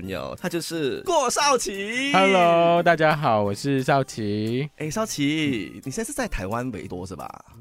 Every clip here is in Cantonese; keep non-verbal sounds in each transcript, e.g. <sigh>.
朋友，他就是郭少麒。Hello，大家好，我是少麒。哎、欸，少麒、嗯，你現在是在台灣維多是吧？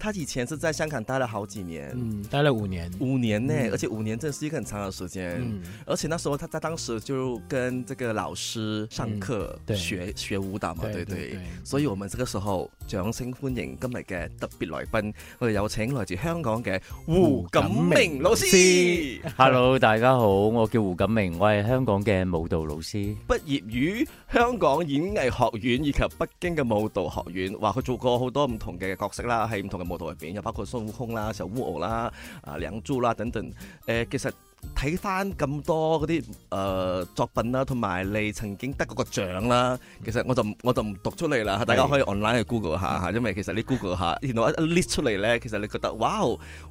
他以前是在香港待了好幾年，嗯，待了五年，五年呢、嗯，而且五年真的是一個很長嘅時間，嗯，而且那時候，他在當時就跟這個老師上課學、嗯對，學學舞蹈嘛，對對，對，對，所以我們這個時候掌聲歡迎今日嘅特別來賓，我哋有請來自香港嘅胡錦明老師。老師 <laughs> Hello，大家好，我叫胡錦明，我係香港嘅舞蹈老師，畢業於香港演藝學院以及北京嘅舞蹈學院，話佢做過好多唔同嘅角色啦，係唔同嘅。舞台入邊又包括孫悟空啦、小木偶啦、啊、梁祝啦等等。誒、欸，其實。睇翻咁多嗰啲誒作品啦，同埋你曾經得過個獎啦，其實我就我就唔讀出嚟啦，大家可以 online 去 Google 一下嚇，因為其實你 Google 一下，然後一 list 出嚟咧，其實你覺得哇，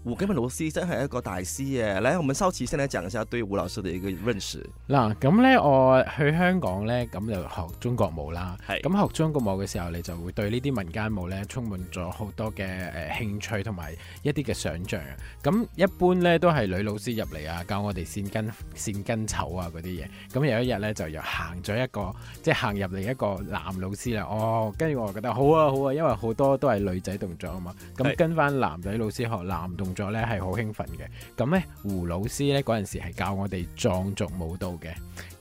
胡錦明老師真係一個大師嘅、啊、咧，我咪收次先咧，就收一堆胡老師嘅嘅認識。嗱，咁咧我去香港咧，咁就學中國舞啦，咁學中國舞嘅時候，你就會對呢啲民間舞咧充滿咗好多嘅誒、呃、興趣同埋一啲嘅想像。咁一般咧都係女老師入嚟啊教，我哋扇根，扇根抽啊嗰啲嘢，咁有一日咧就又行咗一個，即係行入嚟一個男老師啦。哦，跟住我就覺得好啊好啊，因為好多都係女仔動作啊嘛。咁跟翻男仔老師學男動作咧，係好興奮嘅。咁咧胡老師咧嗰陣時係教我哋藏族舞蹈嘅。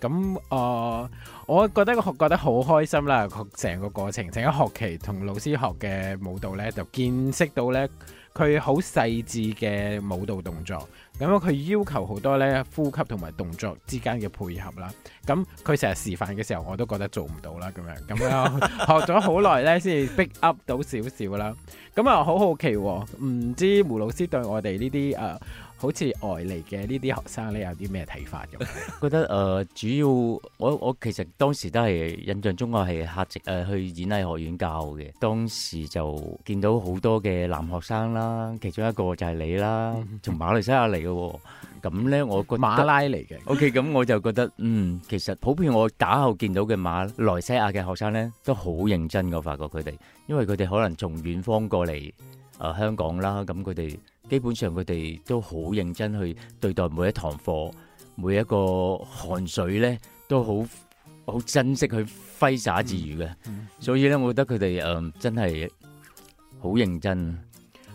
咁我、呃、我覺得學覺得好開心啦。成個過程，成個學期同老師學嘅舞蹈咧，就見識到咧佢好細緻嘅舞蹈動作。咁樣佢要求好多咧，呼吸同埋動作之間嘅配合啦。咁佢成日示範嘅時候，我都覺得做唔到啦。咁樣咁樣 <laughs> <laughs> 學咗好耐咧，先至逼 up 到少少啦。咁啊，好好奇喎、哦，唔知胡老師對我哋呢啲誒好似外嚟嘅呢啲學生咧，有啲咩睇法咁？覺得誒、呃，主要我我其實當時都係印象中我係客席、呃、去演藝學院教嘅，當時就見到好多嘅男學生啦，其中一個就係你啦，嗯、從馬來西亞嚟嘅、哦，咁咧我覺得馬拉嚟嘅。OK，咁我就覺得嗯，其實普遍我打後見到嘅馬來西亞嘅學生咧，都好認真，我發覺佢哋，因為佢哋可能從遠方過嚟、呃、香港啦，咁佢哋。基本上佢哋都好認真去對待每一堂課，每一個汗水咧都好好珍惜去揮灑自如嘅，所以咧，我覺得佢哋誒真係好認真。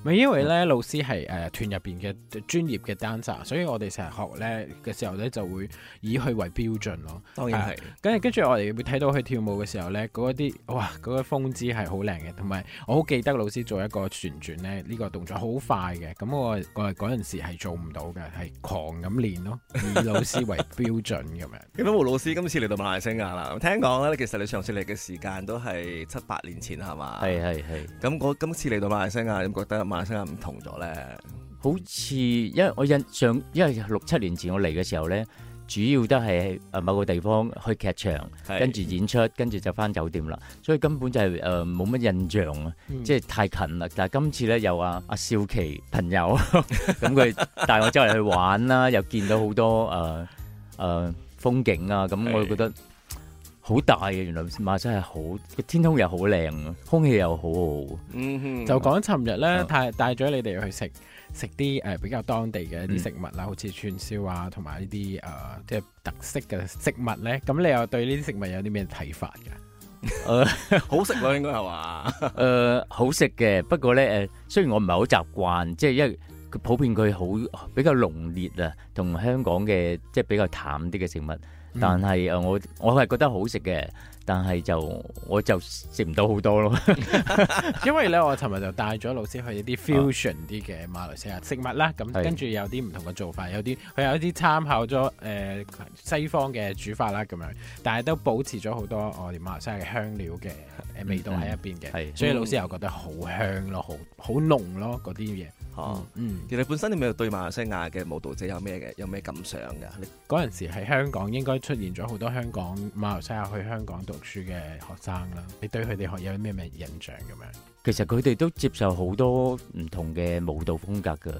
咪因為咧、嗯、老師係誒、啊、團入邊嘅專業嘅丹澤，所以我哋成日學咧嘅時候咧就會以佢為標準咯。當然係。跟住跟住我哋會睇到佢跳舞嘅時候咧，嗰啲哇嗰、嗰個風姿係好靚嘅，同埋我好記得老師做一個旋轉咧，呢、呢個動作好快嘅。咁我我係嗰陣時係做唔到嘅，係狂咁練咯，以老師為標準咁樣。咁阿胡老師今次嚟到馬來西亞啦，聽講咧其實你上次嚟嘅時間都係七八年前係嘛？係係係。咁我今次嚟到馬來西亞，你覺得。發生唔同咗咧，好似因為我印象，因為六七年前我嚟嘅時候咧，主要都係誒某個地方去劇場，跟住演出，跟住就返酒店啦，所以根本就係誒冇乜印象是，嗯、啊，即係太近啦。但係今次咧，又阿阿少麒朋友咁佢帶我周圍去玩啦， <laughs> 又見到好多誒誒、呃呃、風景啊，咁我覺得。好大嘅，原來馬來西亞係好天空又好靚，空氣又好。嗯哼， <noise> 就講尋日咧，帶帶咗你哋去食食啲誒比較當地嘅一啲食物啦，好似串燒啊，同埋呢啲誒即係特色嘅食物咧。咁你又對呢啲食物有啲咩睇法嘅？誒、 <laughs> <laughs> <laughs> 呃，好食咯，應該係話。誒，好食嘅，不過咧誒，雖然我唔係好習慣，即係因為佢普遍佢好比較濃烈啊，同香港嘅即係比較淡啲嘅食物。嗯、但係誒，我我係覺得好食嘅，但係就我就食唔到好多咯， <laughs> <laughs> 因為咧我尋日就帶咗老師去一啲 fusion 啲嘅馬來西亞食物啦，咁跟住有啲唔同嘅做法，有啲佢有啲參考咗誒、呃、西方嘅煮法啦，咁樣，但係都保持咗好多我哋馬來西亞嘅香料嘅誒味道喺一邊嘅、嗯，所以老師又覺得好香咯，嗯、好好濃咯嗰啲嘢。哦，嗯，其實你本身你咪對馬來西亞嘅舞蹈者有咩嘅？有咩感想噶？你嗰陣時喺香港應該出現咗好多香港馬來西亞去香港讀書嘅學生啦。你對佢哋學有咩印象咁樣？其實佢哋都接受好多唔同嘅舞蹈風格嘅，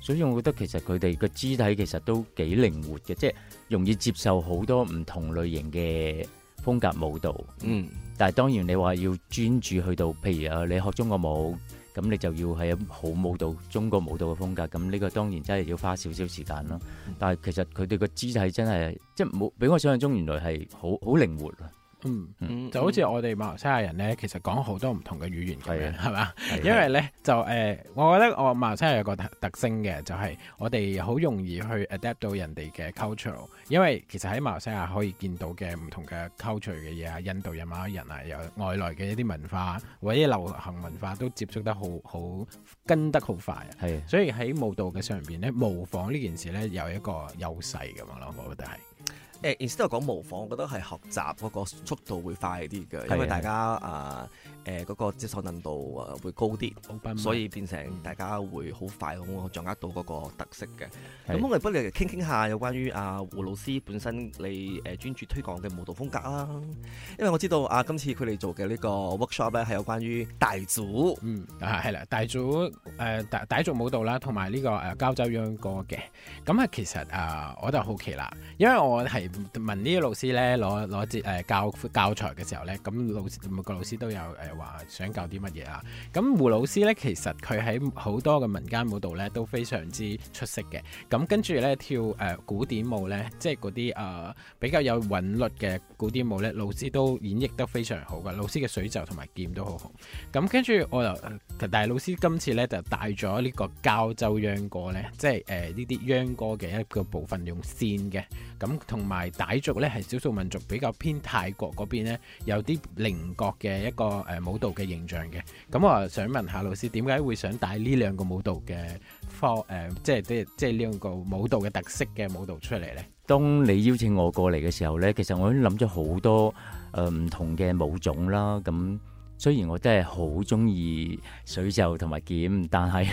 所以我覺得其實佢哋個肢體其實都幾靈活嘅，即係容易接受好多唔同類型嘅風格舞蹈。嗯，但係當然你話要專注去到，譬如啊，你學中國舞。咁你就要係好舞蹈，中國舞蹈嘅風格。咁呢個當然真係要花少少時間咯。嗯、但係其實佢哋個姿勢真係，即係冇比我想像中，原來係好好靈活啊！嗯，嗯，就好似我哋馬來西亞人呢，其實講好多唔同嘅語言咁樣，係嘛？因為呢，就誒、呃，我覺得我馬來西亞有個特特性嘅，就係、是、我哋好容易去 adapt 到人哋嘅 culture。因為其實喺馬來西亞可以見到嘅唔同嘅 culture 嘅嘢啊，印度人啊，馬來人啊，有外來嘅一啲文化，或者流行文化都接觸得好好跟得好快。所以喺舞蹈嘅上邊呢，模仿呢件事呢，有一個優勢咁樣咯，我覺得係。誒，instead 講模仿，我覺得係學習嗰個速度會快啲嘅，因為大家啊，誒嗰、呃呃那個接受能度啊會高啲，所以變成大家會好快咁掌握到嗰個特色嘅。咁我哋不如傾傾下有關於阿、啊、胡老師本身你誒專、呃、注推廣嘅舞蹈風格啦，因為我知道啊，今次佢哋做嘅呢個 workshop 咧係有關於大族，嗯係啦，大族誒、呃、大大族舞蹈啦，同埋呢個誒膠、呃、州秧歌嘅。咁啊其實啊、呃，我都好奇啦，因為我係。問呢啲老師咧攞攞節誒教教材嘅時候咧，咁老師每個老師都有誒話、呃、想教啲乜嘢啊？咁胡老師咧，其實佢喺好多嘅民間舞蹈咧都非常之出色嘅。咁跟住咧跳誒、呃、古典舞咧，即係嗰啲啊比較有韻律嘅古典舞咧，老師都演繹得非常好嘅。老師嘅水袖同埋劍都好好。咁跟住我又，但係老師今次咧就帶咗呢個膠州秧歌咧，即係誒呢啲秧歌嘅一個部分用線嘅，咁同埋。係傣族咧，係少數民族，比較偏泰國嗰邊咧，有啲鄰國嘅一個誒舞蹈嘅形象嘅。咁我想問一下老師，點解會想帶呢兩個舞蹈嘅科誒，即係即即係呢兩個舞蹈嘅特色嘅舞蹈出嚟咧？當你邀請我過嚟嘅時候咧，其實我都諗咗好多誒唔同嘅舞種啦。咁雖然我真係好中意水袖同埋劍，但係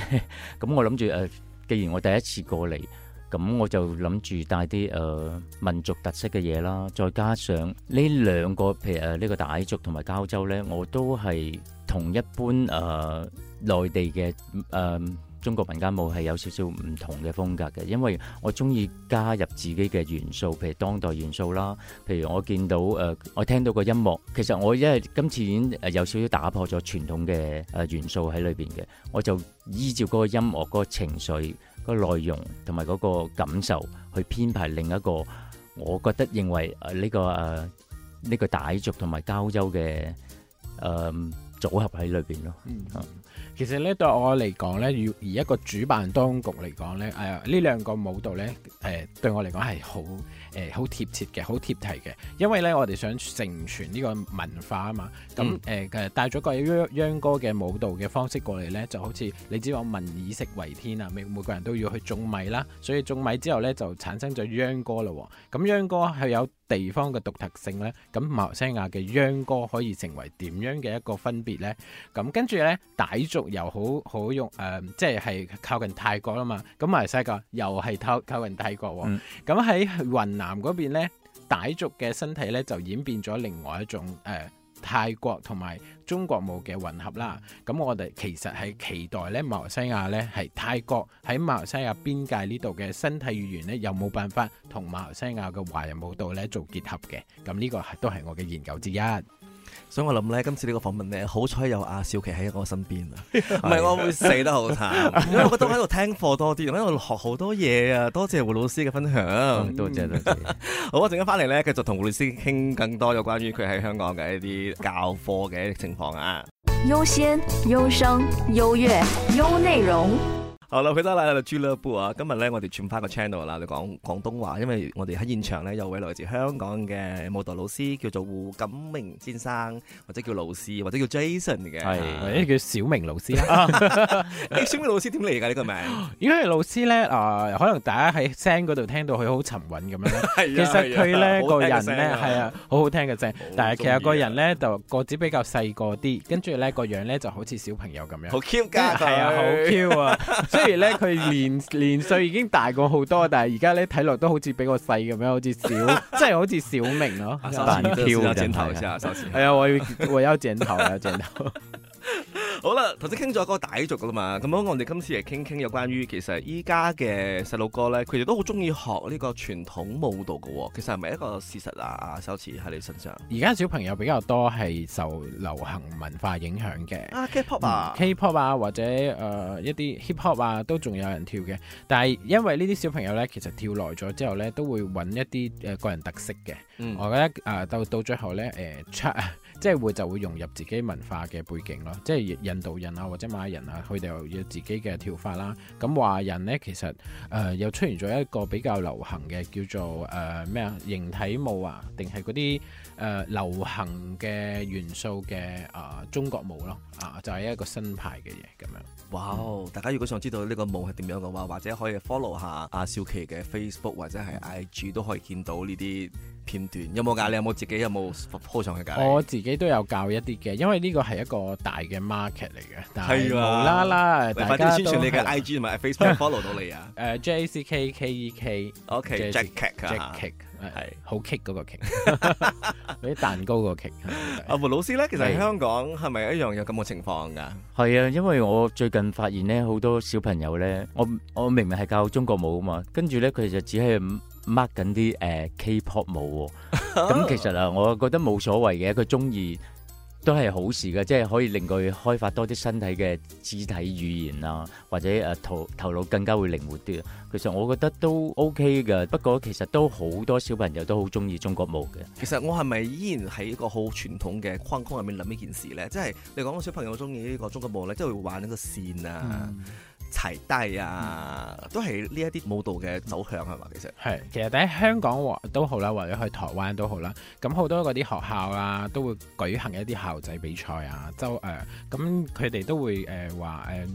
咁我諗住誒，既然我第一次過嚟。咁我就諗住帶啲誒、呃、民族特色嘅嘢啦，再加上呢兩個譬如誒、呃這個、呢個傣族同埋膠州咧，我都係同一般誒內、呃、地嘅誒、呃、中國民間舞係有少少唔同嘅風格嘅，因為我鍾意加入自己嘅元素，譬如當代元素啦，譬如我見到誒、呃，我聽到個音樂，其實我因為今次已經有少少打破咗傳統嘅誒、呃、元素喺裏邊嘅，我就依照嗰個音樂嗰、那個情緒。那個內容同埋嗰個感受，去編排另一個，我覺得認為誒、這、呢個誒呢、呃這個、傣族同埋膠州嘅誒、呃、組合喺裏邊咯。嗯啊。其實咧對我嚟講咧，要而一個主辦當局嚟講咧，誒呢兩個舞蹈咧，誒對我嚟講係好誒好貼切嘅，好貼題嘅，因為咧我哋想承傳呢個文化啊嘛，咁誒誒帶咗個秧秧歌嘅舞蹈嘅方式過嚟咧，就好似你知我民以食為天啊，每每個人都要去種米啦，所以種米之後咧就產生咗秧歌啦喎，咁秧歌係有地方嘅獨特性呢，咁馬來西亞嘅秧歌可以成為點樣嘅一個分別呢？咁跟住呢，傣族又好好用誒，即係係靠近泰國啦嘛。咁馬來西亞又係靠靠近泰國喎。咁、嗯、喺雲南嗰邊呢，傣族嘅身體呢就演變咗另外一種誒。呃泰國同埋中國舞嘅混合啦，咁我哋其實係期待咧，馬來西亞咧係泰國喺馬來西亞邊界呢度嘅身體語言咧，有冇辦法同馬來西亞嘅華人舞蹈咧做結合嘅？咁呢個都係我嘅研究之一。所以我諗咧，今次個訪呢個訪問咧，好彩有阿、啊、少麒喺我身邊啊，唔 <laughs> 係是 <laughs> 我會死得好慘， <laughs> 因為我都喺度聽課多啲，喺 <laughs> 度學好多嘢啊！多謝胡老師嘅分享，嗯，多謝多謝。 <laughs> 好，我一陣間翻嚟咧，繼續同胡老師傾更多嘅關於佢喺香港嘅一啲教課嘅情況啊。優先、優生、優越、優內容。好啦，彼得啦喺度煮呢一杯啊！今日咧，我哋轉翻個 channel 啦，嚟講廣東話。因為我哋喺現場咧，有位來自香港嘅舞蹈老師，叫做胡錦明先生，或者叫老師，或者叫 Jason 嘅，係，或者叫小明老師啦。你、啊 <laughs> 欸、小明老師點嚟噶？呢、這個名？應該係老師咧，啊、呃，可能大家喺聲嗰度聽到佢好沉穩咁樣。係啊，係啊。其實佢咧個人咧係啊，啊，好好聽嘅聲。但係其實個人咧就個子比較細個啲，跟住咧個樣咧就好似小朋友咁樣。好 Q 噶，係啊，好 Q 啊。 <laughs> <laughs> 雖然咧佢年年歲已經大過好多，但係而家咧睇落都好似比我細咁樣，好似小，即 <laughs> 係好似小明咯、喔。阿 <laughs> 凡但飄，你都時間檢討一下、 <laughs> 哎呀、我我我要檢討， <laughs> 我要檢檢討。 <laughs> <laughs> <laughs> 好啦，頭先傾咗嗰個傣族噶啦嘛，咁樣我哋今次嚟傾傾有關於其實依家嘅細路哥咧，佢哋都好中意學呢個傳統舞蹈噶、哦。其實係咪一個事實啊？首次喺你身上，而家小朋友比較多係受流行文化影響嘅啊，K-pop 啊、嗯、，K-pop 啊，或者誒、呃、一啲 hip-hop 啊，都仲有人跳嘅。但係因為呢啲小朋友咧，其實跳耐咗之後咧，都會揾一啲誒個人特色嘅、嗯。我覺得誒到、呃、到最後咧，誒、呃、即係會就會融入自己文化嘅背景咯。即係印度人啊，或者馬人啊，佢哋又有自己嘅跳法啦。咁華人呢，其實誒、呃、又出現咗一個比較流行嘅叫做誒咩啊形體舞啊，定係嗰啲誒流行嘅元素嘅啊、呃、中國舞咯啊、呃，就係、是、一個新派嘅嘢咁樣。哇、wow, 嗯、大家如果想知道呢個舞係點樣嘅話，或者可以 follow 下阿、啊、少麒嘅 Facebook 或者係 IG 都可以見到呢啲。片段有冇㗎？你有冇自己有冇鋪上去㗎？我自己都有教一啲嘅，因為呢個係一個大嘅 market 嚟嘅。係啊。啦啦，大家都。反、啊、宣傳你嘅 IG 同埋、啊、Facebook follow 到你啊。誒、 <laughs> <laughs> <laughs> uh, okay,，Jack Jack-K,、uh, uh, K E O K。Jack c k e c k Cake。係。好 cake 嗰個 cake。啲蛋糕那個 cake <laughs> <laughs> <laughs> 阿胡老師咧， <laughs> 其實喺香港係咪一樣有咁嘅情況噶？係 <laughs> 啊，因為我最近發現咧，好多小朋友咧，我我明明係教中國舞啊嘛，跟住咧佢就只係。mark 緊啲誒 K-pop 舞喎、哦，咁 <laughs> 其實啊，我覺得冇所謂嘅，佢中意都係好事嘅，即係可以令佢開發多啲身體嘅肢體語言啊，或者誒頭頭腦更加會靈活啲。其實我覺得都 OK 嘅，不過其實都好多小朋友都好中意中國舞嘅。其實我係咪依然喺一個好傳統嘅框框入面諗呢件事咧？即係你講個小朋友中意呢個中國舞咧，即係會玩呢個線啊。嗯齊低啊，嗯、都係呢一啲舞蹈嘅走向係嘛、嗯？其實係，其實喺香港都好啦，或者去台灣都好啦，咁好多嗰啲學校啊，都會舉行一啲校際比賽啊，就誒，咁佢哋都會誒話誒，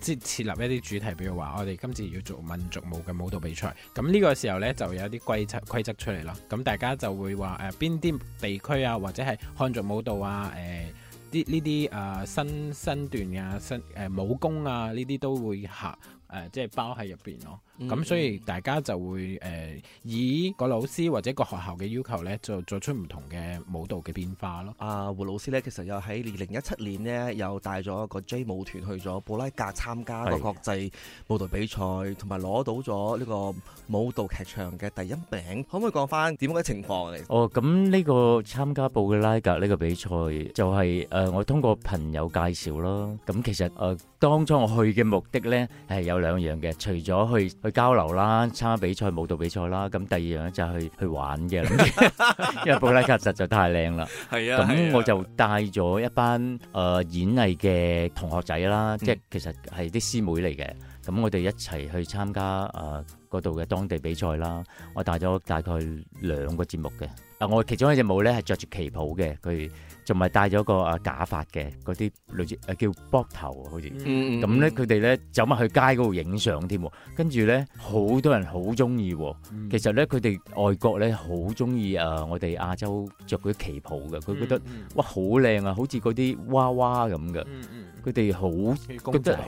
即、呃、係、呃、設立一啲主題，比如話我哋今次要做民族舞嘅舞蹈比賽，咁呢個時候呢，就有一啲規則規則出嚟囉，咁大家就會話誒邊啲地區啊，或者係漢族舞蹈啊，誒、呃。呢啲誒身身段啊身誒、呃、武功啊呢啲都會含誒、呃、即係包喺入邊咯。咁、嗯、所以大家就會誒、呃、以個老師或者個學校嘅要求咧，就做出唔同嘅舞蹈嘅變化咯。阿、啊、胡老師咧，其實又喺二零一七年咧，又帶咗個 J 舞團去咗布拉格參加個國際舞蹈比賽同埋攞到咗呢個舞蹈劇場嘅第一名。可唔可以講翻點樣嘅情況嚟哦，咁呢個參加布拉格呢個比賽就係、是、誒、呃、我通過朋友介紹咯。咁其實誒、呃、當初我去嘅目的咧係有兩樣嘅，除咗去，去交流啦，參加比賽舞蹈比賽啦，咁第二樣就係去去玩嘅， <laughs> <laughs> 因為布拉格實在太靚啦。係啊，咁我就帶咗一班誒、呃、演藝嘅同學仔啦，嗯、即係其實係啲師妹嚟嘅。咁我哋一齊去參加誒嗰度嘅當地比賽啦。我帶咗大概兩個節目嘅，啊，我其中一隻舞咧係着住旗袍嘅佢。仲咪戴咗個誒假髮嘅嗰啲類似誒叫膊頭啊，頭好似咁咧，佢哋咧走咪去街嗰度影相添，跟住咧好多人好中意。其實咧，佢哋外國咧好中意誒我哋亞洲着嗰啲旗袍嘅，佢、嗯、覺得、嗯、哇好靚啊，好似嗰啲娃娃咁嘅。佢哋好覺得好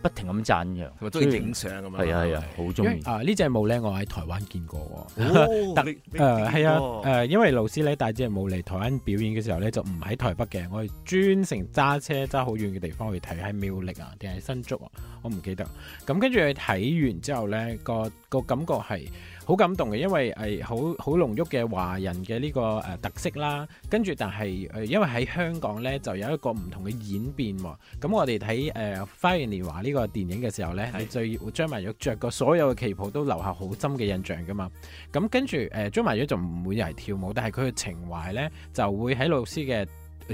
不停咁讚揚，中意影相咁啊！係啊係啊，好中意啊！呃、隻呢隻舞咧，我喺台灣見過的。哦，但誒係啊誒、呃，因為老師咧帶隻舞嚟台灣表演嘅時候咧就。唔喺台北嘅，我係專程揸車揸好遠嘅地方去睇，喺苗栗啊定係新竹啊，我唔記得。咁跟住去睇完之後呢，嗰個、嗰個感覺係。好感動嘅，因為係好好濃郁嘅華人嘅呢個誒特色啦。跟住但係誒，因為喺香港呢，就有一個唔同嘅演變喎。咁我哋睇誒《花樣年華》呢個電影嘅時候咧，係最張曼玉着過所有嘅旗袍都留下好深嘅印象噶嘛。咁跟住誒張曼玉就唔會係跳舞，但係佢嘅情懷呢，就會喺老師嘅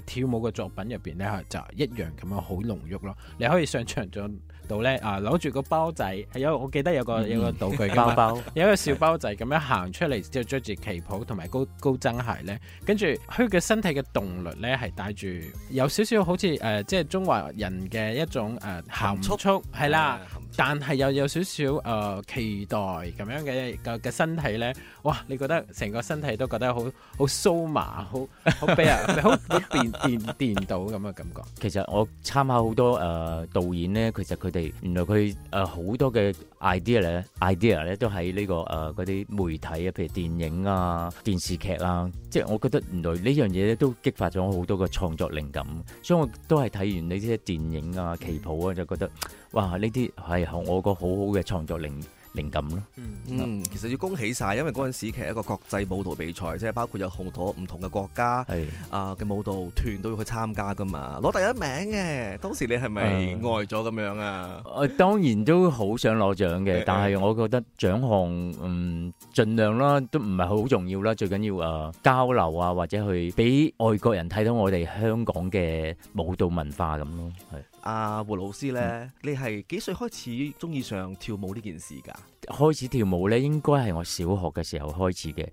跳舞嘅作品入邊呢，就一樣咁樣好濃郁咯。你可以上場咗。到咧啊，攞住個包仔，有我記得有個、嗯、有個道具包包，有一個小包仔咁樣行出嚟，之 <laughs> 後著住旗袍同埋高高踭鞋咧，跟住佢嘅身體嘅動律咧，係帶住有少少好似誒、呃，即係中華人嘅一種誒含蓄、呃，係啦。但係又有少少誒、呃、期待咁樣嘅嘅嘅身體咧，哇！你覺得成個身體都覺得 SOMA, <laughs> 好好酥麻、好好俾人、好好電電電到咁嘅感覺。 <laughs> 其實我參考好多誒、呃、導演咧，其實佢哋原來佢誒好多嘅 idea 咧，idea 咧都喺呢、這個誒嗰啲媒體啊，譬如電影啊、電視劇啦、啊。即係我覺得原來呢樣嘢咧都激發咗我好多個創作靈感，所以我都係睇完呢啲電影啊、旗袍啊，就覺得。哇！呢啲係我個好好嘅創作靈靈感咯。嗯，其實要恭喜晒，因為嗰陣時其實一個國際舞蹈比賽，即係包括有好多唔同嘅國家啊嘅舞蹈團都要去參加噶嘛。攞第一名嘅當時，你係咪愛咗咁樣啊？我當然都好想攞獎嘅，但係我覺得獎項嗯，盡量啦，都唔係好重要啦。最緊要啊，交流啊，或者去俾外國人睇到我哋香港嘅舞蹈文化咁咯，係。阿、啊、胡老師咧，你係幾歲開始中意上跳舞呢件事噶？開始跳舞咧，應該係我小學嘅時候開始嘅。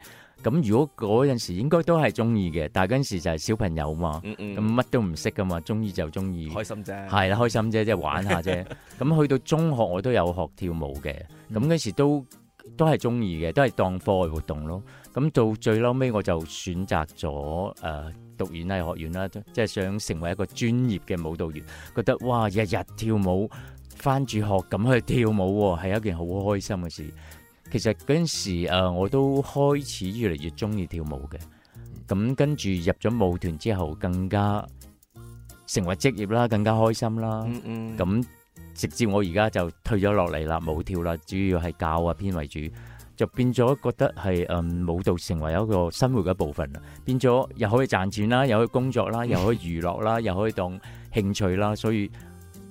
咁如果嗰陣時應該都係中意嘅，但係嗰陣時就係小朋友嘛，咁、嗯、乜、嗯、都唔識噶嘛，中意就中意，開心啫，係啦，開心啫，即係玩下啫。咁 <laughs> 去到中學我都有學跳舞嘅，咁、嗯、嗰時都都係中意嘅，都係當課外活動咯。咁到最嬲尾我就選擇咗誒。呃讀完演藝學院啦，即係想成為一個專業嘅舞蹈員，覺得哇，日日跳舞，翻住學咁去跳舞，係一件好開心嘅事。其實嗰陣時誒、呃，我都開始越嚟越中意跳舞嘅。咁跟住入咗舞團之後，更加成為職業啦，更加開心啦。咁、嗯嗯、直至我而家就退咗落嚟啦，冇跳啦，主要係教啊編為主。就變咗覺得係誒、嗯、舞蹈成為一個生活嘅部分啦，變咗又可以賺錢啦，又可以工作啦，又可以娛樂啦， <laughs> 又可以當興趣啦，所以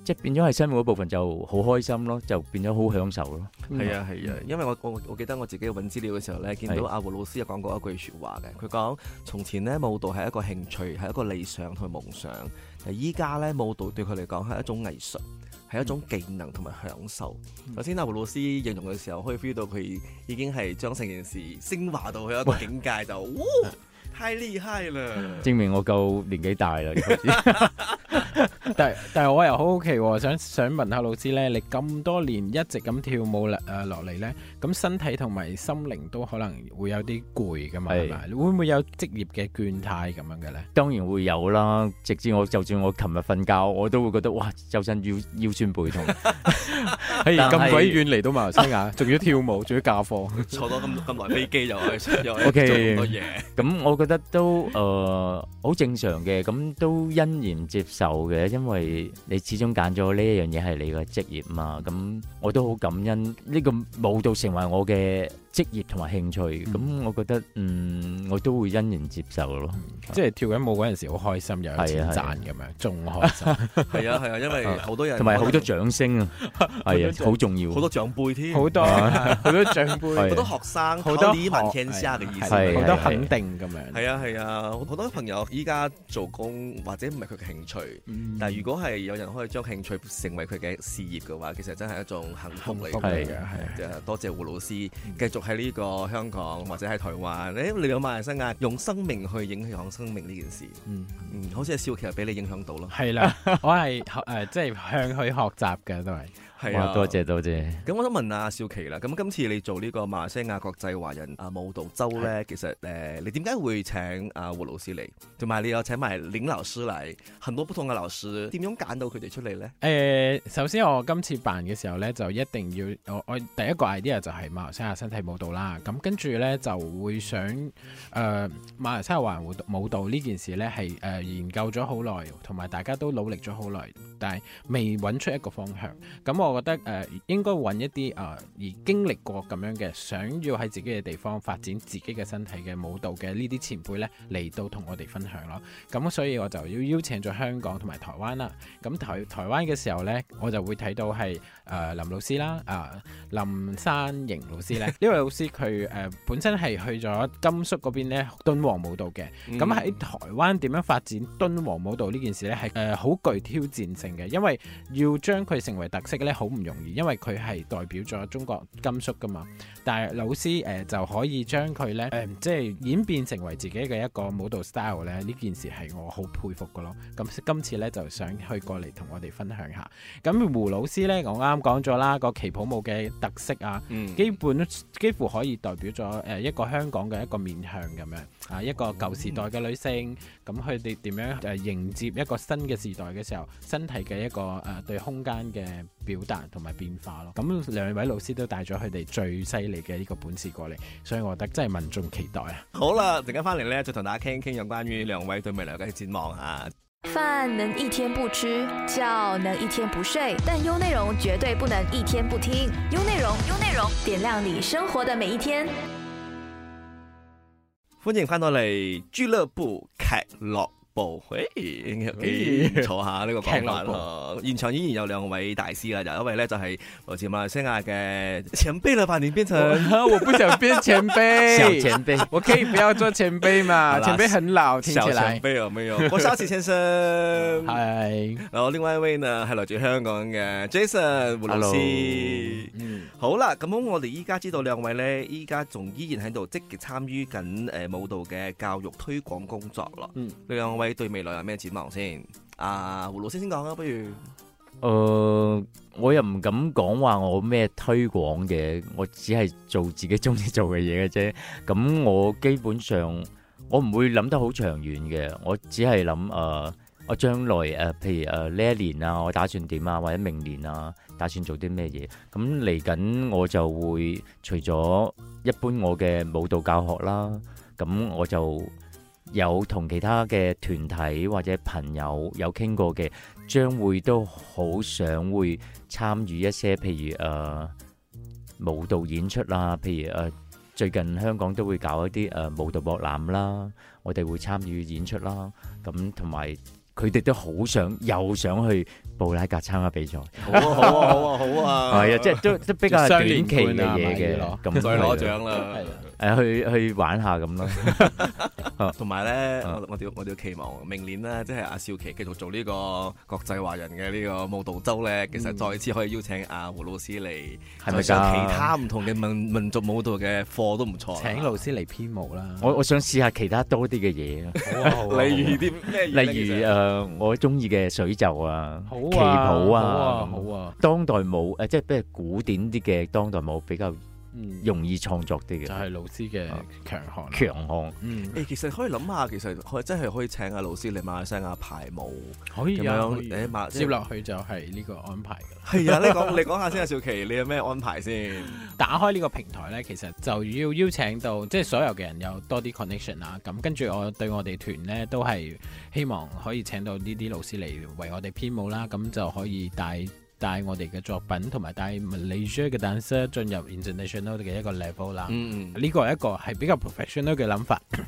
即係變咗係生活嘅部分就好開心咯，就變咗好享受咯。係、嗯、啊係啊、嗯，因為我我，我記得我自己揾資料嘅時候呢，見到阿胡老師有講過一句説話嘅，佢講從前呢，舞蹈係一個興趣，係一個理想同夢想，但依家呢，舞蹈對佢嚟講係一種藝術。係一種技能同埋享受。頭先阿胡老師形容嘅時候，可以 feel 到佢已經係將成件事升華到一個境界，就哇、哦，太厲害了！證明我夠年紀大啦。 <laughs> <laughs> 但但係我又好好奇，想想問下老師咧，你咁多年一直咁跳舞咧誒落嚟咧，咁身體同埋心靈都可能會有啲攰噶嘛？係咪會唔會有職業嘅倦態咁樣嘅咧？當然會有啦。直至我就算我琴日瞓覺，我都會覺得哇，就真腰腰酸背痛。哎，咁鬼遠嚟到馬來西亞，仲要跳舞，仲要教課，坐咗咁咁耐飛機又係，又做咁多嘢。咁我覺得都誒好正常嘅，咁都欣然接受。有嘅，因為你始終揀咗呢一樣嘢係你個職業嘛，咁我都好感恩呢個舞蹈成為我嘅。職業同埋興趣，咁、嗯、我覺得嗯，我都會欣然接受咯。嗯、即係跳緊舞嗰陣時，好開心，又有錢賺咁樣，仲、啊、開心。係 <laughs> 啊係啊，因為好多人同埋好多掌聲 <laughs> 啊，係啊，好、啊、重要。好多長輩添，好多好多長輩，好、啊多， <laughs> 多，啊、多學生，好多滿天星啊嘅意思，好多肯定咁樣。係啊係啊，好多朋友依家做工或者唔係佢嘅興趣，但係如果係有人可以將興趣成為佢嘅事業嘅話，其實真係一種幸福嚟嘅。多謝胡老師繼續。喺呢個香港或者喺台灣、哎，你你有馬來西亞嘅、啊、用生命去影響生命呢件事，嗯嗯，好似係少麒俾你影響到咯，係啦， <laughs> 我係誒即係向佢學習嘅都係。係多謝多謝。咁我想問下少麒啦，咁今次你做呢個馬來西亞國際華人啊舞蹈周咧，其實誒、呃，你點解會請阿胡老師嚟，同埋你又請埋林老師嚟，很多不同嘅老師，點樣揀到佢哋出嚟咧？誒、呃，首先我今次辦嘅時候咧，就一定要我我第一個 idea 就係馬來西亞身體舞蹈啦。咁跟住咧就會想誒、呃，馬來西亞華人舞蹈呢件事咧係誒研究咗好耐，同埋大家都努力咗好耐，但係未揾出一個方向。咁我我覺得誒、呃，應該揾一啲啊、呃，而經歷過咁樣嘅，想要喺自己嘅地方發展自己嘅身體嘅舞蹈嘅呢啲前輩咧，嚟到同我哋分享咯。咁所以我就要邀請咗香港同埋台灣啦。咁台台灣嘅時候呢，我就會睇到係誒、呃、林老師啦，啊、呃、林山瑩老師呢，呢 <laughs> 位老師佢誒、呃、本身係去咗甘肅嗰邊咧敦煌舞蹈嘅。咁、嗯、喺台灣點樣發展敦煌舞蹈呢件事呢？係誒好具挑戰性嘅，因為要將佢成為特色咧。好唔容易，因為佢係代表咗中國甘肅噶嘛。但係老師誒、呃、就可以將佢咧誒即係演變成為自己嘅一個舞蹈 style 咧。呢件事係我好佩服噶咯。咁今次咧就想去過嚟同我哋分享一下。咁胡老師咧，我啱啱講咗啦，個旗袍舞嘅特色啊，嗯、基本幾乎可以代表咗誒一個香港嘅一個面向咁樣啊，一個舊時代嘅女性。咁佢哋點樣誒迎接一個新嘅時代嘅時候，身體嘅一個誒、呃、對空間嘅表現。同埋變化咯，咁兩位老師都帶咗佢哋最犀利嘅呢個本事過嚟，所以我覺得真係民眾期待啊！好啦，陣間翻嚟咧，再同大家傾傾，有關於兩位對未來嘅展望啊！飯能一天不吃，覺能一天不睡，但優內容絕對不能一天不聽。優內容，優內容，點亮你生活的每一天。歡迎翻到嚟，俱樂部劇樂部誒，幾下呢個講法 <laughs> 現場依然有兩位大師啦、啊，就一位呢就係、是、來自馬來西亞嘅前輩啦，把你變成我，我不想變前輩， <laughs> 小前輩輩， <laughs> 我可以不要做前輩嘛？ <laughs> 前輩很老， <laughs> 聽前輩有冇有？我係阿先生，係。 <laughs> 另外一位呢係來自香港嘅 Jason 胡老師。好啦，咁我哋依家知道兩位呢，依家仲依然喺度積極參與緊誒舞蹈嘅教育推廣工作咯。兩、嗯、位。你對未來有咩展望先？阿胡老師先講啊，不如，誒，我又唔敢講話我咩推廣嘅，我只係做自己中意做嘅嘢嘅啫。咁我基本上，我唔會諗得好長遠嘅，我只係諗誒，我將來誒，譬如誒呢一年啊，我打算點啊，或者明年啊，打算做啲咩嘢。咁嚟緊我就會除咗一般我嘅舞蹈教學啦，咁我就。有同其他嘅團體或者朋友有傾過嘅，將會都好想會參與一些，譬如誒舞蹈演出啦，譬如誒最近香港都會搞一啲誒舞蹈博覽啦，我哋會參與演出啦。咁同埋佢哋都好想又想去布拉格參加比賽，好啊好啊好啊好啊，係啊，即係都都比較短期嘅嘢嘅咯，咁再攞獎啦。誒，去去玩下咁咯。同埋咧，我我哋我要期望明年咧，即係阿少麒繼續做呢個國際華人嘅呢個舞蹈周咧，其實再次可以邀請阿胡老師嚟，係咪？其他唔同嘅民是是民族舞蹈嘅課都唔錯。請老師嚟編舞啦。我我想試下其他多啲嘅嘢， <laughs> 啊啊啊啊啊、 <laughs> 例如啲咩？例如誒，我中意嘅水袖啊，好啊，旗袍啊，好啊，好啊好啊當代舞誒，即係比如古典啲嘅當代舞比較。容易創作啲嘅，就係、是、老師嘅強項、啊。強項。嗯，誒，其實可以諗下，其實可真係可以請阿老師嚟馬來西亞排舞，可以啊，以啊你馬接落去就係呢個安排㗎啦。係 <laughs> 啊，你講你講下先啊， <laughs> 少麒，你有咩安排先？打開呢個平台咧，其實就要邀請到即係、就是、所有嘅人有多啲 connection 啦。咁跟住我對我哋團咧都係希望可以請到呢啲老師嚟為我哋編舞啦，咁就可以帶。帶我哋嘅作品同埋帶馬來西亞嘅 dance 進入 international 嘅一個 level 啦。呢嗯個嗯一個係比較 professional 嘅諗法。 <laughs>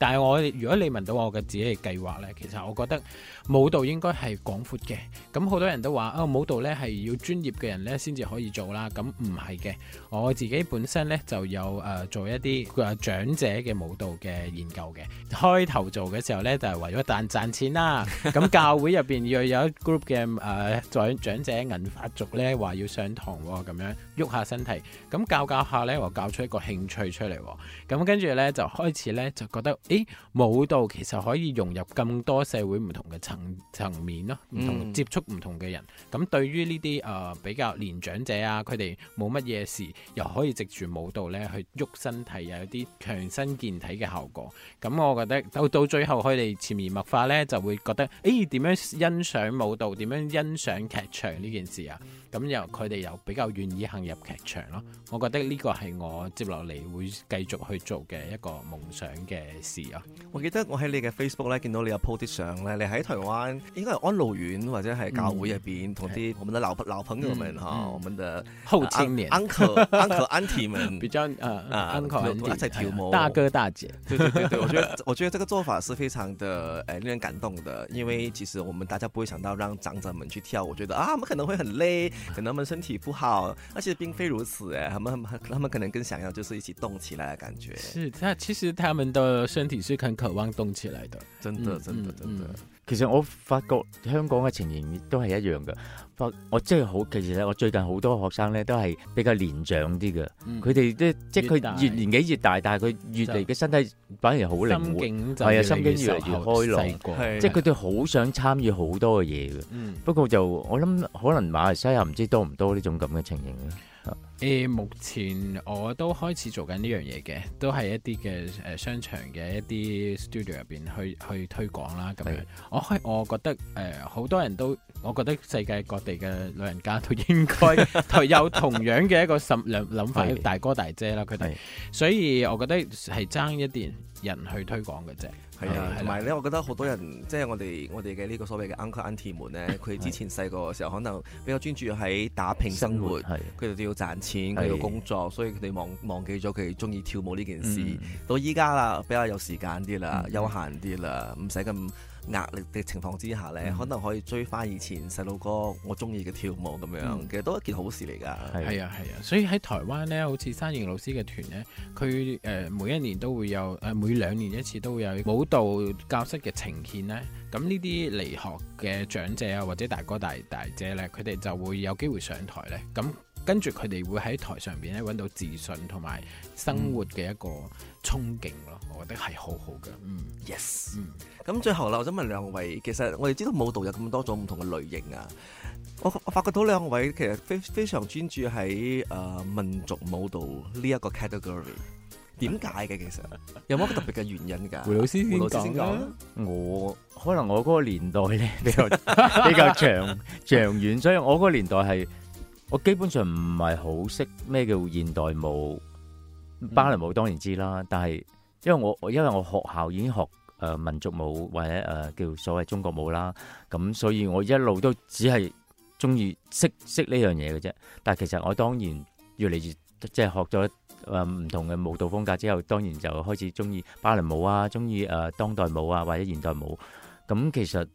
但係，我如果你問到我嘅自己嘅計劃咧，其實我覺得。舞蹈應該係廣闊嘅，咁好多人都話啊、哦，舞蹈呢係要專業嘅人呢先至可以做啦。咁唔係嘅，我自己本身呢就有誒、呃、做一啲誒長者嘅舞蹈嘅研究嘅。開頭做嘅時候呢，就係為咗賺賺錢啦。咁 <laughs> 教會入邊又有一 group 嘅誒長長者銀髮族呢，話要上堂喎、哦，咁樣喐下身體，咁教教下呢，我教出一個興趣出嚟喎、哦。咁跟住呢，就開始呢，就覺得，誒舞蹈其實可以融入更多社會唔同嘅層層面咯，唔同接觸唔同嘅人，咁、嗯、對於呢啲誒比較年長者啊，佢哋冇乜嘢事，又可以藉住舞蹈咧去喐身體，又有啲強身健體嘅效果。咁我覺得到到最後佢哋潛移默化咧，就會覺得誒、欸、點樣欣賞舞蹈，點樣欣賞劇場呢件事啊。咁又佢哋又比較願意行入劇場咯。我覺得呢個係我接落嚟會繼續去做嘅一個夢想嘅事啊。我記得我喺你嘅 Facebook 咧見到你有 po 啲相咧，你喺台灣應該有安老院或者係教會入邊同啲我們的老老朋友們哈、嗯嗯，我們的後青年、啊、 <laughs> uncle uncle auntie 們比較、呃、啊 uncle auntie 在跳舞，嗯嗯啊啊、Andy, 大哥大姐，對對對，對，我覺得 <laughs> 我覺得這個做法是非常的誒、哎、令人感動的，因為其實我們大家不會想到讓長者們去跳，我覺得啊，他們可能會很累，可能他們身體不好，而且並非如此誒、欸，他們他們可能更想要就是一起動起來的感覺，是，但其實他們的身體是很渴望動起來的，真的真的、嗯、真的。嗯真的嗯其實我發覺香港嘅情形，都係一樣嘅，我我即係好，其實我最近好多學生咧都係比較年長啲嘅，佢、嗯、哋都即係佢越年紀越，越大，但係佢越嚟嘅身體反而好靈活，係啊，心境越嚟越開朗，即係佢哋好想參與好多嘅嘢嘅。不過就我諗，可能馬來西亞唔知多唔多呢種咁嘅情形咧。誒、欸、目前我都開始做緊呢樣嘢嘅，都係一啲嘅誒商場嘅一啲 studio 入邊去去推廣啦，咁樣我開我覺得誒好、呃、多人都，我覺得世界各地嘅老人家都應該同 <laughs> 有同樣嘅一個心理諗法，大哥大姐啦佢哋。所以我覺得係爭一啲人去推廣嘅啫。係啊，同埋咧，我覺得好多人即係我哋我哋嘅呢個所謂嘅 uncle auntie 們咧，佢之前細個嘅時候可能比較專注喺打拼生活，佢哋都要賺錢。錢，佢要工作，所以佢哋忘忘記咗佢中意跳舞呢件事。嗯、到依家啦，比較有時間啲啦、嗯，休閒啲啦，唔使咁壓力嘅情況之下呢、嗯、可能可以追翻以前細路哥我中意嘅跳舞咁樣、嗯。其實都係一件好事嚟噶。係啊係啊，所以喺台灣呢，好似山形老師嘅團呢，佢誒每一年都會有誒每兩年一次都會有舞蹈教室嘅呈獻呢，咁呢啲嚟學嘅長者啊，或者大哥大大姐呢，佢哋就會有機會上台呢。咁跟住佢哋會喺台上邊咧，搵到自信同埋生活嘅一個憧憬咯，我覺得係好好嘅。Yes. 嗯，yes。咁最後啦，我想問兩位，其實我哋知道舞蹈有咁多種唔同嘅類型啊。我我發覺到兩位其實非非常專注喺誒、呃、民族舞蹈呢一個 category，點解嘅？ <laughs> 其實有冇一個特別嘅原因噶？胡老師先講，胡老師先講，我可能我嗰個年代咧比較 <laughs> 比較長長遠，所以我嗰個年代係。我基本上唔係好識咩叫現代舞，芭蕾舞當然知啦。但係因為我我因為我學校已經學誒民族舞或者誒叫所謂中國舞啦，咁所以我一路都只係中意識識呢樣嘢嘅啫。但係其實我當然越嚟越即係學咗誒唔同嘅舞蹈風格之後，當然就開始中意芭蕾舞啊，中意誒當代舞啊或者現代舞。咁其實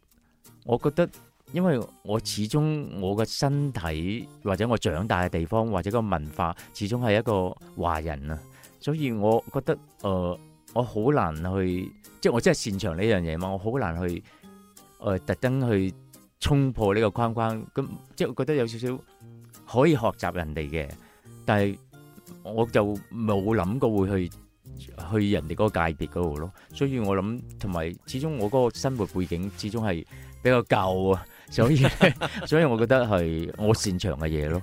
我覺得。因為我始終我個身體或者我長大嘅地方或者個文化始終係一個華人啊，所以我覺得誒、呃、我好難去，即係我真係擅長呢樣嘢嘛，我好難去誒特登去衝破呢個框框，咁即係我覺得有少少可以學習人哋嘅，但係我就冇諗過會去去人哋嗰個界別嗰度咯，所以我諗同埋始終我嗰個生活背景始終係比較舊啊。所以，所以我覺得係我擅長嘅嘢咯。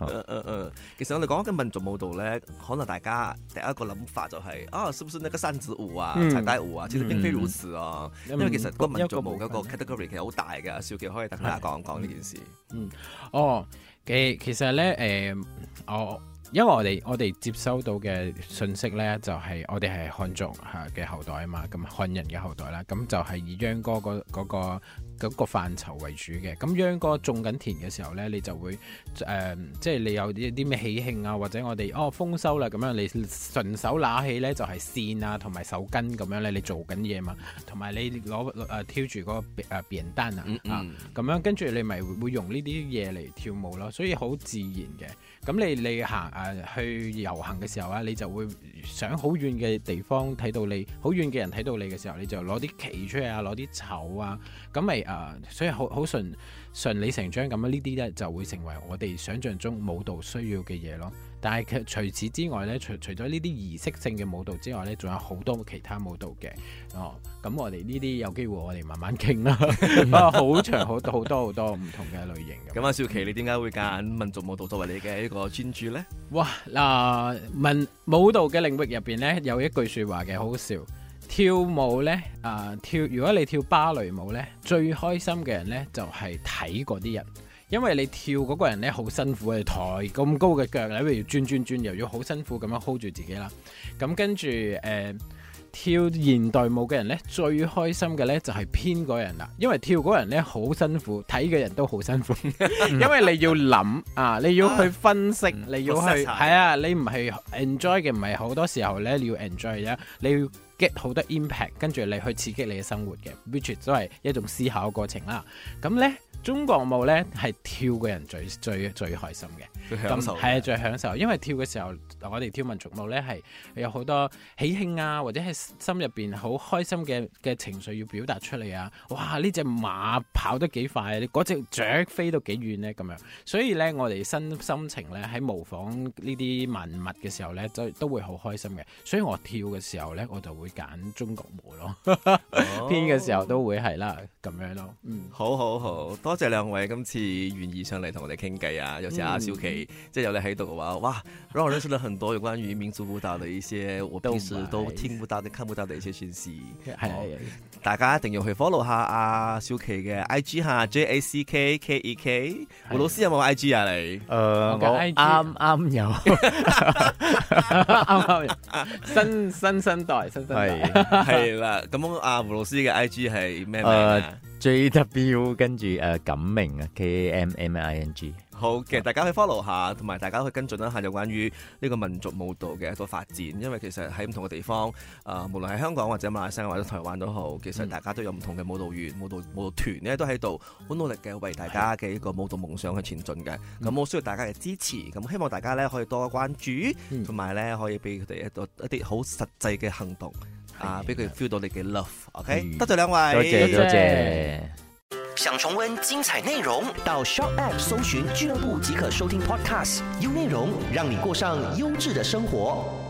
嗯嗯嗯，其實我哋講緊民族舞蹈咧，可能大家第一個諗法就係、是，啊、哦，是唔是那個扇子舞啊、彩帶舞啊？其實並非如此啊，啊、嗯！因為其實嗰個民族舞嗰個 category 其實好大噶。少、嗯、麒、嗯嗯、可以等大家講一講呢件事嗯。嗯，哦，其其實咧，誒、呃，我、哦。因為我哋我哋接收到嘅信息呢，就係、是、我哋係漢族嚇嘅後代啊嘛，咁漢人嘅後代啦，咁就係以秧歌嗰嗰個嗰、那個範疇為主嘅。咁秧歌種緊田嘅時候呢，你就會誒、呃，即係你有啲咩喜慶啊，或者我哋哦豐收啦，咁樣你順手拿起呢，就係、是、線啊，同埋手巾咁樣呢。你做緊嘢嘛，同埋你攞啊挑住嗰啊扁擔啊啊咁樣，跟住你咪會，會用呢啲嘢嚟跳舞咯，所以好自然嘅。咁你你行、啊、去遊行嘅時候啊，你就會想好遠嘅地方睇到你，好遠嘅人睇到你嘅時候，你就攞啲旗出去啊、啊啊、啊，攞啲籌啊，咁咪，所以好好順順理成章咁樣，呢啲咧就會成為我哋想象中舞蹈需要嘅嘢咯。但係除此之外呢，除除咗呢啲儀式性嘅舞蹈之外呢，仲有好多其他舞蹈嘅哦。咁、oh, 我哋呢啲有機會我哋慢慢傾啦， <laughs> <laughs> 好長好多好多好多唔同嘅類型。咁阿少麒，你點解會揀民族舞蹈作為你嘅一個專注呢？哇！嗱、呃，民舞蹈嘅領域入邊呢，有一句説話嘅，好笑。跳舞呢，啊、呃、跳！如果你跳芭蕾舞呢，最開心嘅人呢，就係睇嗰啲人。因為你跳嗰個人咧好辛苦嘅，抬咁高嘅腳，不如要轉轉轉，又要好辛苦咁樣 hold 住自己啦。咁跟住，誒、呃，跳現代舞嘅人咧最開心嘅咧就係編嗰個人啦，因為跳嗰個人咧好辛苦，睇嘅人都好辛苦， <laughs> 因為你要諗 <laughs> 啊，你要去分析，啊、你要去，係啊，你唔係、啊、enjoy 嘅，唔係好多時候咧你要 enjoy 嘅，你要。get 好多 impact，跟住你去刺激你嘅生活嘅，which 都係一種思考嘅過程啦。咁咧，中國舞咧係跳嘅人最最最開心嘅，感受係啊最享受，因為跳嘅時候我哋跳民族舞咧係有好多喜慶啊，或者係心入邊好開心嘅嘅情緒要表達出嚟啊。哇！呢隻馬跑得幾快，嗰隻雀飛到幾遠咧咁樣。所以咧，我哋身心情咧喺模仿呢啲文物嘅時候咧，就都會好開心嘅。所以我跳嘅時候咧，我就會。揀中國舞咯，編 <laughs> 嘅、哦、時候都會係啦咁樣咯。嗯，好好好，多謝兩位今次願意上嚟同我哋傾偈啊！嗯、尤其阿少麒，即、嗯、係有你喺度嘅話，哇，讓我認識到很多有關於民族舞蹈嘅一些 <laughs> 我平時都聽不到、的看不到的一些訊息。係， <laughs> 大家一定要去 follow 下阿少麒嘅 I G 下 J A C K K E K。胡老師有冇 I G 啊？你？誒、呃，啱啱有， <laughs> 剛剛有， <laughs> <laughs> 有，啱啱新新生代，新生。係係啦，咁阿胡老師嘅 I G 係咩名？uh, J W 跟住誒錦明啊，K A M M I N G。好，其實大家可以 follow 一下，同埋大家可以跟進一下有關於呢個民族舞蹈嘅一個發展。因為其實喺唔同嘅地方，啊、呃，無論喺香港或者馬來西亞或者台灣都好，其實大家都有唔同嘅舞蹈員、嗯、舞蹈舞蹈團呢都喺度好努力嘅為大家嘅一個舞蹈夢想去前進嘅。咁、嗯、我需要大家嘅支持，咁希望大家呢可以多個關注，同、嗯、埋呢可以俾佢哋一啲一啲好實際嘅行動，的啊，俾佢哋 feel 到你嘅 love。OK，多謝兩位，多謝，多謝。多謝。想重溫精彩內容，到 Shop App 搜尋劇樂部即可收聽 Podcast。優內容，讓你過上優質的生活。